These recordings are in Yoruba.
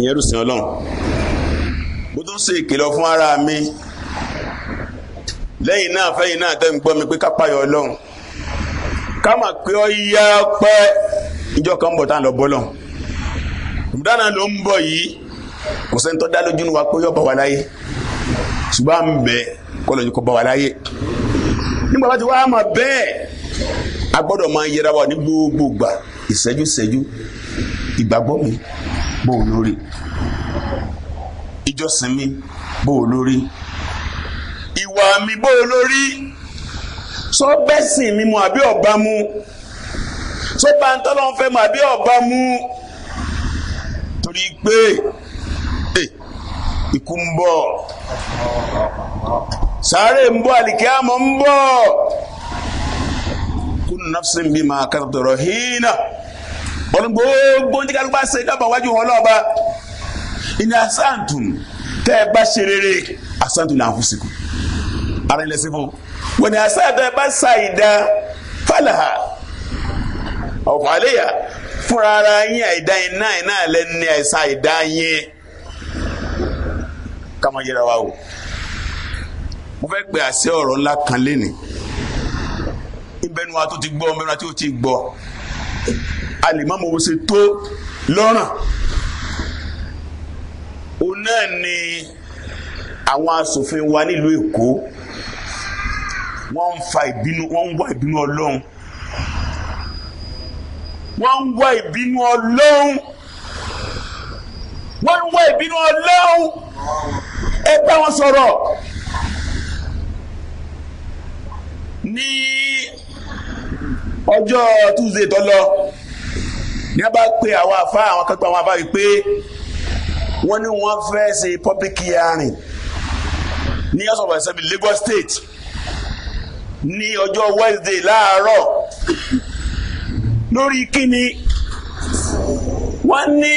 ẹ̀yin ẹrú sìn ọlọ́run mo tún ṣe ìkìlọ̀ fún ara mi lẹ́yìn náà fẹ́yìn náà tẹ́ ń gbọ́ mi pé ká payọ̀ ọlọ́run ká mà pé ọ yá pẹ́ ìjọ kan bọ̀ tá à ń lọ bọ́ lọ́n ìdáná ló ń bọ̀ yìí kò sẹ́ni tó dá lójú wa pé yọ bọ̀ wá láyé ṣùgbọ́n à ń bẹ̀ kọ́ lójú kó bọ̀ wá láyé nígbà bá ti wá mà bẹ́ẹ̀ a gbọ́dọ̀ máa yẹra wa ní gbogbo ìgbà ìṣẹ́jú ìṣẹ́jú ìgbàgbọ́ mi bó o lórí ìjọsìn mi bó o lórí ìwà mi bó o lórí sọ bẹ́sìn mi mu àbí ọ̀bá mu sọ pàǹtọ́lọ́ fẹ́ mu àbí ọ̀bá mu torí pé eh, ikú ń bọ̀ sáré ń bọ̀ àlìkíyàmọ̀ ń bọ̀ kúnnù nafsin bima kasabat rahina. ọ̀nà gbogbo ní kálukú bá ṣe dábàá wájú wọn lọ́ba ìní asáǹtùn tẹ́ ẹ bá ṣe rere asáǹtùn là ara ilẹ̀ sífún wọ́n ní asáǹtùn ẹ bá sa ìdá fàlàhà ọ̀pọ̀ àléyà fúnra ara yín àìdá ìdá yín yẹra wa o mo fẹ́ àṣẹ ọ̀rọ̀ ńlá kan wa tó ti gbọ́ alimami wo ṣe tó lọ́rùn òun náà ni àwọn asòfin wa nílùú èkó wọ́n ń fa ìbínú wọ́n ń wá ìbínú ọlọ́run wọ́n ń wá ìbínú ọlọ́run wọ́n ń wá ìbínú ọlọ́run ẹ bá wọn sọ̀rọ̀ ní ọjọ́ tuesday tó lọ ní a bá pe àwọn afá àwọn akẹ́kọ̀ọ́ àwọn afá yìí wọ́n ní wọ́n fẹ́ ṣe public hearing ní house of assembly Lagos state ní ọjọ́ Wednesday láàárọ̀ lórí kíni wọ́n ní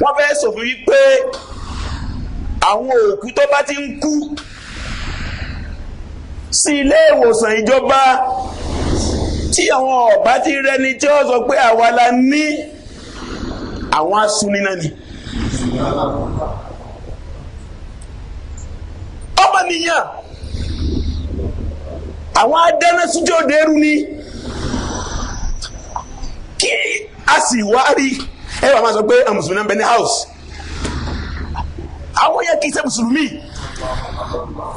wọ́n fẹ́ ṣòfin wípé àwọn òkú tó bá ti ń kú sí ilé ìwòsàn ìjọba tí àwọn ọba ti rẹni tí wọ́n sọ pé àwa la ní àwọn asúnina ni. ọmọ nìyàn àwọn adẹ́nẹ́síjọ́ dẹ́rú ni kí a sì wá rí ẹ wà máa sọ pé àwọn mùsùlùmí náà bẹ ní house àwọn yẹn kì í ṣe mùsùlùmí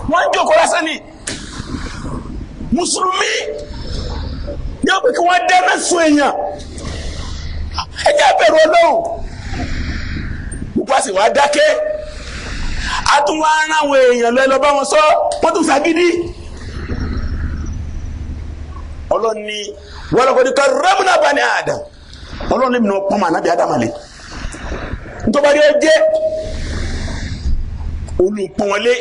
wọ́n jókòó lásán ni mùsùlùmí yóò pé kí wọ́n dẹ́rẹ́ sun èèyàn ẹ jẹ́ bẹ̀rù ọlọ́run gbogbo àti wàá dákẹ́ a tún wá ń ráwọn èèyàn lọ ẹ lọ bá wọn sọ wọ́n tún ṣàgídí ọlọ́run ní wọ́n lọ́kọ́ ní ká rẹ́múnà bá ní àdàm ọlọ́run ní mi ní wọ́n pọ́n mọ́ ànábì àdàmàlẹ́ ntọ́badé jẹ́ olùpọ̀nlé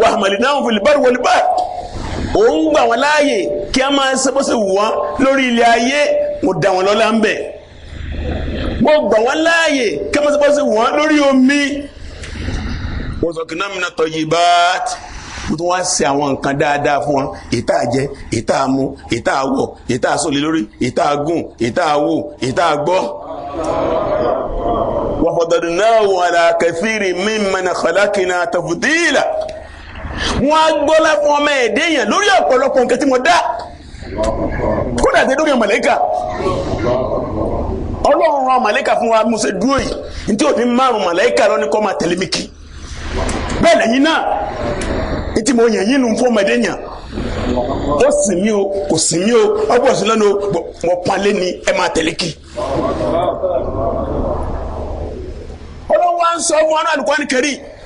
wàhámàlì náà wọlé bá wọlé bá òun gbà wọ́n láàyè kí a máa ṣe bó ṣe wù wọ́n lórí ilé ayé mo dá wọn lọ́lá ń bẹ̀ mo gbà wọ́n láàyè kí a máa ṣe bó ṣe wù wọ́n lórí omi mo sọ kìnnà mi náà tọ́ yìí bá mo tún wá ṣe àwọn nǹkan dáadáa fún wọn ìta jẹ ìta mu ìta wọ ìta sọlẹ lórí ìta gùn ìta wò ìta gbọ́ wàhùdàdùn náà wà lákàtìrì mímọ náà kọlákìnà tàbùdíìlà wọ́n á gbọ́lá fún ọmọ ẹ̀dẹ́ lórí ọ̀pọ̀lọpọ̀ nǹkan tí mo dá kódà tẹ lórí màlẹ́kà ọlọ́run ran fún wa mo ṣe dúró yìí ní tí márùn màlẹ́kà lọ́ni kọ́ máa tẹ̀lé mi kì bẹ́ẹ̀ lẹ́yìn náà ní mo yàn yín o kò sì mí o ọgbọ́n sí ẹ máa tẹ̀lé kì ọlọ́run ń sọ wọn náà nìkan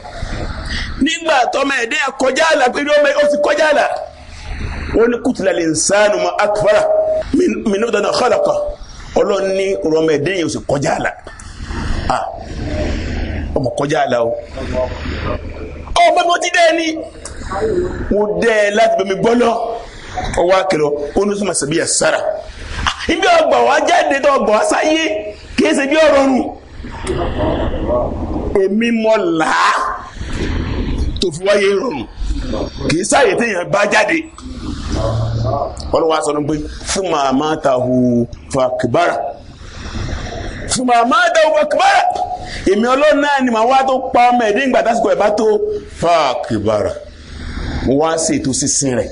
nígbà tọ́mọ ẹ̀dẹ́ kọjá àlà pé ó ti kọjá àlà wọ́n ní kùtìlà lè ń sáànù mọ́ akfara mìíràn dáná kọ́lọ̀kọ́ ọlọ́run ní ọmọ ẹ̀dẹ́ yẹn ó sì kọjá àlà ọmọ kọjá àlà o ọmọ mi ò ti dẹ́ ni mo dẹ́ ẹ láti bẹ̀mí bọ́lọ́ ọwọ́ akẹ́lọ́ onísùnmọ̀ sẹ́bi ẹ̀ sára ibi ọgbà wa jáde tó ọgbà wa sáyé kì í bí ọ̀rọ̀ rù èmi mọ̀ làá tó fi wáyé rọrùn kì í sáyè téèyàn bá jáde wọ́n wá sọ ní pé fún màmá tahu fàkìbára fún màmá tahu fàkìbára èmi ọlọ́run náà ni màá wá tó pa ọmọ ẹ̀dín ìgbà tásìkò ẹ̀ bá tó fàkìbára mo wá ṣètò sísìn rẹ̀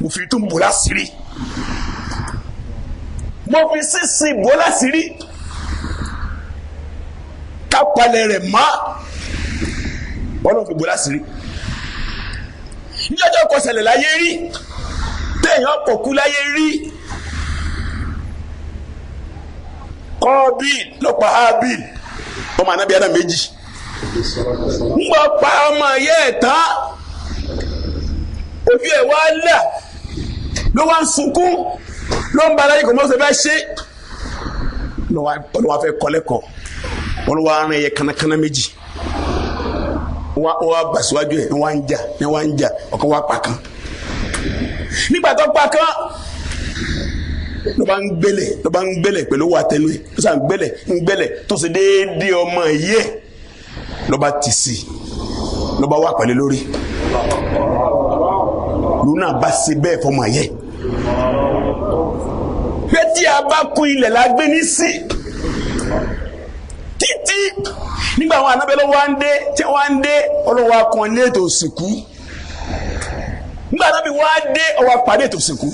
mo fi tún bò láṣìírí mo fi sísìn bò láṣìírí kápalẹ̀ rẹ̀ máa ọlọ́run fi gbọ́lá sí rí ní ọjọ́ kọsẹ̀lẹ̀ láyé rí téèyàn kò kú láyé rí kọ́ọ̀bìl ló pa ábìl ọmọ anábìá náà méjì ń gbọ́ pa ọmọ ayé ẹ̀ tán òbí ẹ̀ wá là ló wá ń sunkún ló ń balẹ̀ kò mọ́ fẹ́ ṣe ló wá kọ́lẹ́kọ̀ọ́ wọ́n ló wá rìn kánákáná méjì wọ́n wá bà síwájú ẹ̀ wọ́n wá ń jà wọ́n wá ń jà ọ̀kan wá pa kan nígbà tó pa kan ló bá ń gbélé ló bá ń gbélé pẹ̀lú owó àtẹnu ẹ̀ ló sà ń gbélé ń gbélé tó ṣe déédéé ọmọ yẹ ló bá tì sí ló bá wà pẹ̀lú lórí lónà bá ṣe bẹ́ẹ̀ fọmọ yẹ pé tí a bá kún ilẹ̀ la gbé ní sí títí nígbà àwọn anábẹ́ ló wá ń dé tí wọ́n ń dé ọlọ́wọ́ kan ilé ètò òsìnkú nígbà anábẹ́ wá dé ọwọ́ parí ètò òsìnkú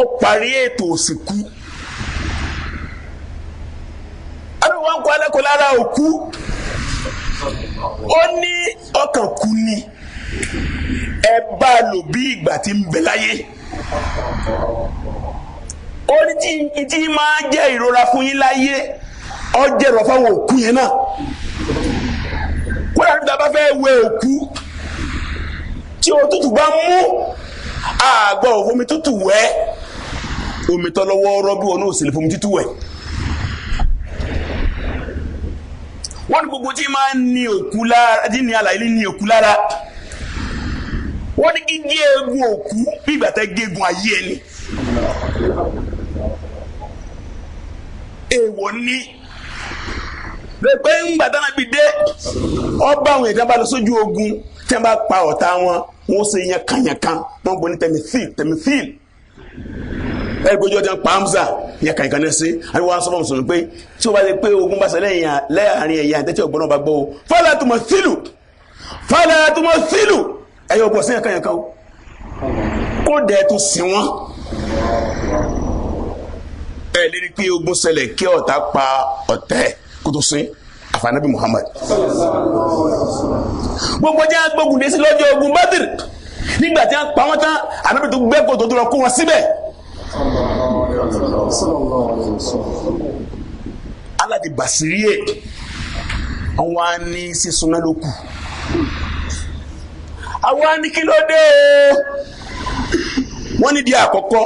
ọ parí ètò òsìnkú anábẹ́ wá ń kọ́ alẹ́kọ̀ọ́ lára òkú ó ní ọkàn kú ni ẹ bá a lò bí ìgbà tí ń bẹ láyé ó ní tí máa jẹ́ ìrora fún yín láyé ọjẹ́ rọ̀ fáwọn òkú yẹn náà kódà níbi tá a bá fẹ́ wẹ òkú tí òtútù bá mú àgbà òfomi tútù wẹ́ omi tọ́lọ́wọ́ rọ́bí wọn ò sì lè fomi tútù wẹ̀ wọ́n ní gbogbo tí máa ń ní òkú lára tí ní àlàyé ní òkú lára wọ́n ní kí gé egun òkú bí ìgbà tẹ́ gé egun ayé ẹni èèwọ̀ ní pé ńgbà tánà bí dé ọba àwọn èèyàn lọ sójú ogun tí wọ́n bá pa ọ̀tá wọn wọ́n ṣe yan kanyankan wọ́n gbọ́ ní tẹ̀mífìl tẹ̀mífìl ẹ gbójú ọjà pàmsa yẹ kàyìnkà náà sí àbí wọn sọfọ mùsùlùmí pé tí o bá lè pé ogun bá ṣẹlẹ̀ yẹn lẹ́yàrin ẹ̀yà àtẹ́tí ọ̀gbọ́n náà bá gbọ́ o fọlá tó mọ̀ sílù fọlá tó mọ̀ sílù ẹ̀yọ̀ ọ̀gbọ̀n sí ẹ̀kàyànkà o kó dẹ̀ tó sí wọn. ẹ lè pé ogun ṣẹlẹ̀ kí ọ̀tá pa ọ̀tẹ̀ kó tó sin àfànàbí Muhammad. gbogbo jẹ́ agbógun dé sí lọ́jọ́ ogun Badr nígbà tí wọ́n pa wọ́n tán ànábì tó gbẹ́ kó tó tó lọ kó wọn síbẹ̀. aládi basiriye àwọn á ní sísúná ló kù àwọn á ní kí ló dé wọ́n ní di àkọ́kọ́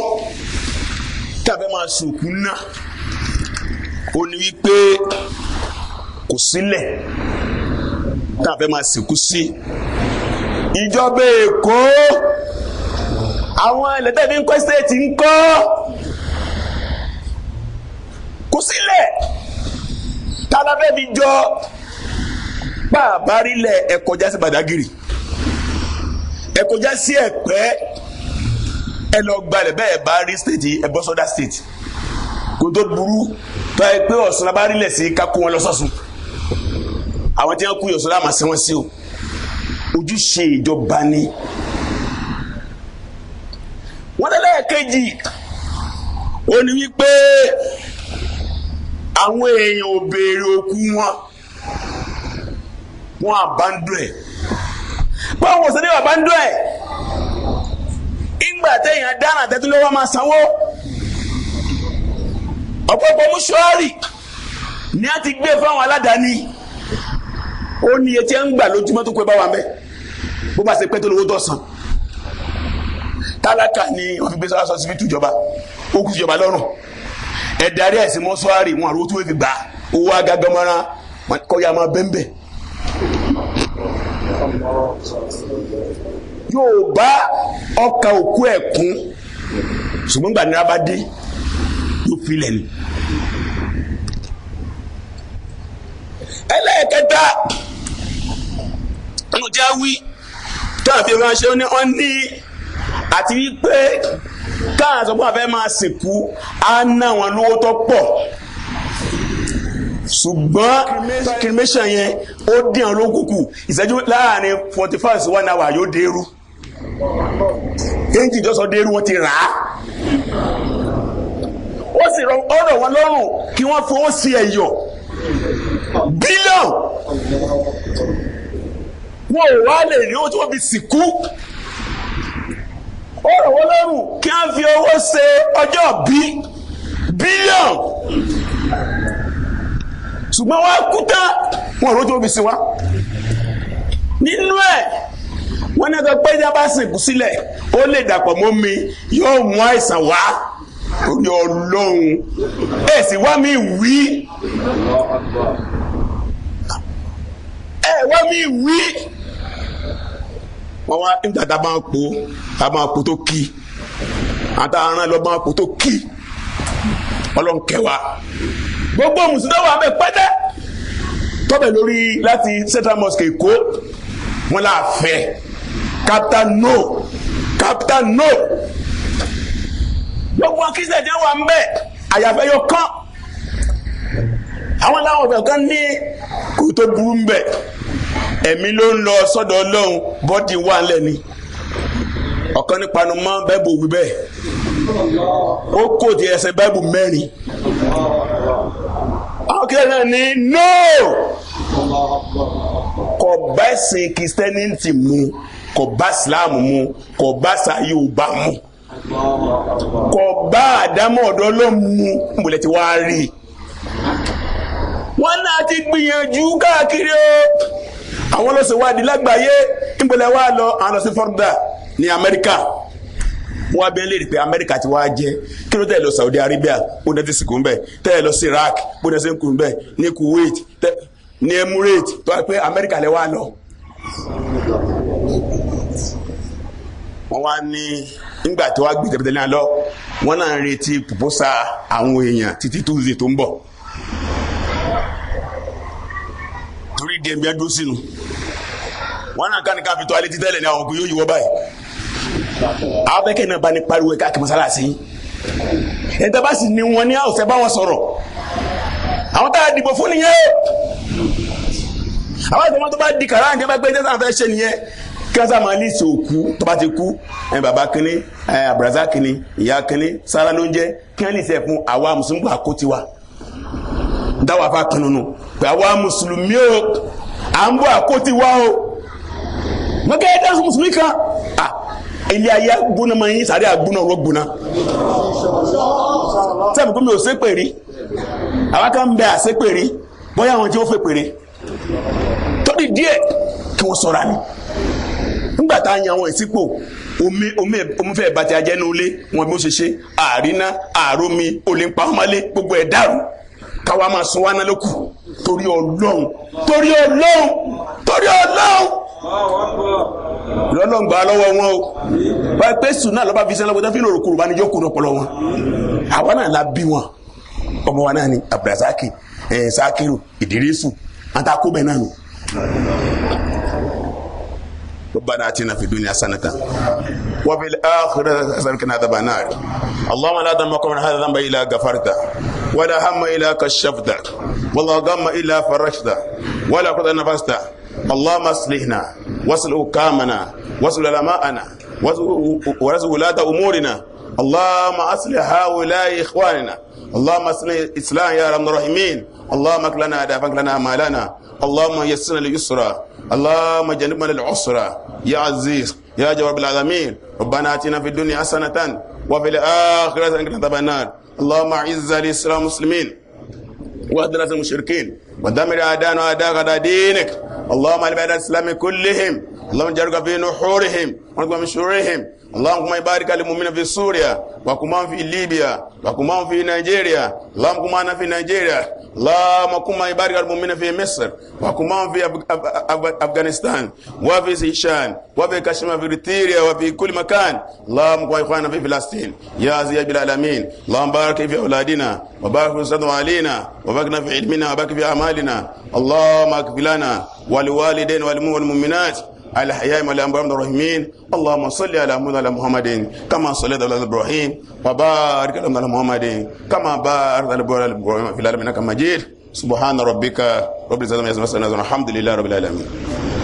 tàbí máa sùn kú náà ó kò sílẹ̀ tá a fẹ́ máa sìnkú sí ìjọba èkó àwọn ẹlẹ́tẹ̀ ní kọ́ stéètì ń kọ́ kò sílẹ̀ tá a lọ fẹ́ fi jọ pàápàá rílẹ̀ ẹ kọjá sí Badagiri ẹ kọjá sí Ẹ̀pẹ́ ẹ lọ gbalẹ̀ bẹ́ẹ̀ bá rí stéètì ẹ stéètì kò tó burú tó ẹ pé Ọ̀ṣun abárílẹ̀ sí kakó wọn lọ sọ́sùn àwọn tí wọ́n kú yọ̀sọ́ láàmà sí wọn sí o ojúṣe ìjọba ni wọ́n lẹ́lẹ́ kejì ó ní wípé àwọn èèyàn ò béèrè òkú wọn wọn àbándú ẹ̀ báwọn ò sẹ́ni àbándú ẹ̀ ìgbà téèyàn dáná tẹ́túlẹ́wọ́ máa sanwó ọ̀pọ̀lọpọ̀ mú ni a ti gbé fáwọn aládàáni ó ní etí ẹ̀ ń gbà lójúmọ́ tó pé bá wà mẹ́ bó bá ṣe pẹ́ tó lówó dọ̀sán tálákà ni òfìgbé sọ́wọ́ sọ sí fi tùjọba ó kù tùjọba lọ́rùn ẹ̀ darí ẹ̀sìn mọ́ṣúárì wọn àrò tó fi gbà owó agagamara kọ́ya máa bẹ́ńbẹ́ yóò bá ọkà òkú ẹ̀ kún ṣùgbọ́n gbàdúrà bá dé yóò filẹ̀ ni ẹlẹ́ẹ̀kẹta nínú jáwí tàbí ránṣẹ́ ó ní wọ́n ní àti wípé táà sọ pé a fẹ́ máa sìnkú á ná wọn lówó tó pọ̀ ṣùgbọ́n cremation yẹn ó dín àwọn olókùnkùn ìṣẹ́jú láàrin forty five sí one hour yóò dérú kéńtì ìjọsọ dérú wọn ti rà á ó sì rọ̀ wọn lọ́rùn kí wọ́n fowó sí ẹ̀yọ̀ bílíọ̀nù wọn ò wá lè rí owó tí wọ́n fi sìnkú ó rọ̀ wọ́n lọ́rùn kí wọ́n fi owó ṣe ọjọ́ bí bílíọ̀n ṣùgbọ́n wọ́n kú tán wọn ò rójú omi sí wa nínú ẹ̀ wọ́n ní ẹgbẹ́ pé ní a bá sìnkú sílẹ̀ ó lè dàpọ̀ mọ́ mi yóò mú àìsàn wá orí ọlọ́run ẹ̀ sì wá mi wí ẹ̀ wá mi wí wọn wá nígbà tá a máa po a máa po tó kí àtà aràn lọ máa po tó kí ọlọ́run kẹwa gbogbo mùsùlùmí wà bẹ pẹ́tẹ́ tọ́bẹ̀ lórí láti central mosque èkó wọn là fẹ́ capital no capital no gbogbo akíṣẹ́ jẹ́ wà ń bẹ̀ àyàfẹ́ yóò kán àwọn làwọn ọ̀dọ̀ kan ní kò tó burú ń ẹ̀mí ló ń lọ sọ́dọ̀ ọlọ́run bọ́dì wà lẹ́ni ọ̀kan nípa nu mọ́ bẹ́ẹ̀bù wí bẹ́ẹ̀ ó kò tí ẹsẹ̀ bẹ́ẹ̀bù mẹ́rin àwọn kìlẹ̀ náà ní no kò bá ẹ̀sìn kìrìsìtẹ́nìtì mu kò bá ìsìláàmù mu kò bá sàyẹ̀wò bá mu kò bá àdámọ̀ ọ̀dọ́ ló mu mọ̀lẹ́ ti wá rí i wọ́n náà ti gbìyànjú káàkiri o àwọn ló ṣe wádìí lágbàáyé nípìnlẹ̀ wa lọ àná sí fọ́nrúdà ní amẹ́ríkà wọ́n á bẹ́ẹ̀ léèrè pé amẹ́ríkà ti wá jẹ́ kí ló tẹ̀ lọ saudi arabia ó dẹ́ ti sìnkú ń bẹ̀ tẹ̀ lọ sí iraq ó dẹ́ ti sìnkú ń bẹ̀ ní kuwait ní emirate tó wá pé amẹ́ríkà lẹ́ wá lọ wọ́n wá ní nígbà tí wọ́n á gbé tẹ̀pẹ̀tẹ̀ náà lọ wọ́n náà ń retí pòpọ́sà àwọn èèyàn títí tuesday tó ń bọ̀ ATM yẹn dúró sínú wọn náà kánìkan fi tó alẹ́ ti tẹ́lẹ̀ ní àwọn ọkùnrin yóò yíwọ́ báyìí àwọn bẹ́ẹ̀ kẹ́ni náà bá ní pariwo ẹ̀ káàkiri mọ́sálásí ẹ̀ tẹ́ sì ní wọn ní àwòsẹ́ bá wọn sọ̀rọ̀ àwọn tá a dìbò fún nìyẹn àwọn ìgbìmọ̀ tó bá di kàrá àǹjẹ́ bá gbé tẹ́sán fẹ́ ṣe nìyẹn kí wọ́n sá máa lè ṣe òkú tó bá ti kú ẹ̀ bàbá kínní ẹ̀ àbùràzá kínní ìyá kínní sára ló ń jẹ́ kí wọ́n lè ṣe fún àwa mùsùlùmí àkótiwa dáwà fa kanunu pé àwa mùsùlùmí o à ń bọ̀ àkótí wa o mọ̀kẹ́ ẹ̀ dáhùn mùsùlùmí kan ilé ayé gbóná máa yín sáré àgbóná ọ̀rọ̀ gbóná sẹ́mi gómìnà ò sépè rí àwa kan bẹ àsépè rí bóyá àwọn tí ó fẹ́ péré tó di díẹ̀ kí wọ́n sọ̀rọ̀ àná nígbà tá a yan àwọn ìsípò omi omi omi bàtí ajẹ́nu wọn bí ó ṣe ṣe àríná àrómi olè ń pa gbogbo ẹ̀ dàrú káwa máa sun wánà lókù torí ọlọ́run torí ọlọ́run torí ọlọ́run lọ́lọ́run gbà lọ́wọ́ wọn o wọ́n pé sùnà lọ́ba fi sẹ́ńlá gbọ́dọ̀ fi lòrò kúrò bá ní yókù lọ́pọ̀lọ́ wọn àwa náà la bí wọn ọmọ wa náà ni abdulrasaki ẹ̀ sakiru idirisu àtàkùn bẹ́ẹ̀ náà nù. ربنا اتنا في الدنيا حسنه وفي الاخره حسنه وقنا عذاب النار اللهم لا ذنب من هذا ذنب الا غفرته ولا هم إلا كشفته ولا غم إلا فرجته ولا قد نفسته اللهم اصلحنا واصل أكامنا واصل علماءنا واصل ولاد أمورنا اللهم اصلح هؤلاء اخواننا اللهم اصلح الاسلام يا رب الرحيمين اللهم اكل لنا دافك لنا مالنا اللهم يسرنا لليسرى اللهم جنبنا للعسرى يا عزيز يا جواب العالمين ربنا اتنا في الدنيا حسنه وفي الآخرة أنك عذاب النار اللهم أعز الإسلام المسلمين وأدنى المشركين ودمر أعدائنا أعداء على دينك اللهم أعلم الإسلام كلهم اللهم جرق في نحورهم ونقوم من شرورهم اللهم يبارك للمؤمنين في سوريا وكمان في ليبيا وكمان في نيجيريا اللهم كمان في نيجيريا اللهم كما يبارك المؤمنين في مصر وكما في افغانستان وفي سيشان وفي كشمير في ريتيريا وفي كل مكان اللهم كما يخوانا في فلسطين يا زي بلا العالمين اللهم بارك في اولادنا وبارك في صدر علينا وبارك في علمنا وبارك في اعمالنا اللهم اكفلنا ولوالدين والمؤمنين والمؤمنات الأحياء من الأنبياء من الراحمين اللهم صل على محمد محمد كما صليت على إبراهيم وبارك على محمد كما بارك على إبراهيم في العالمين كما جيد سبحان ربك رب العزة عما الحمد لله رب العالمين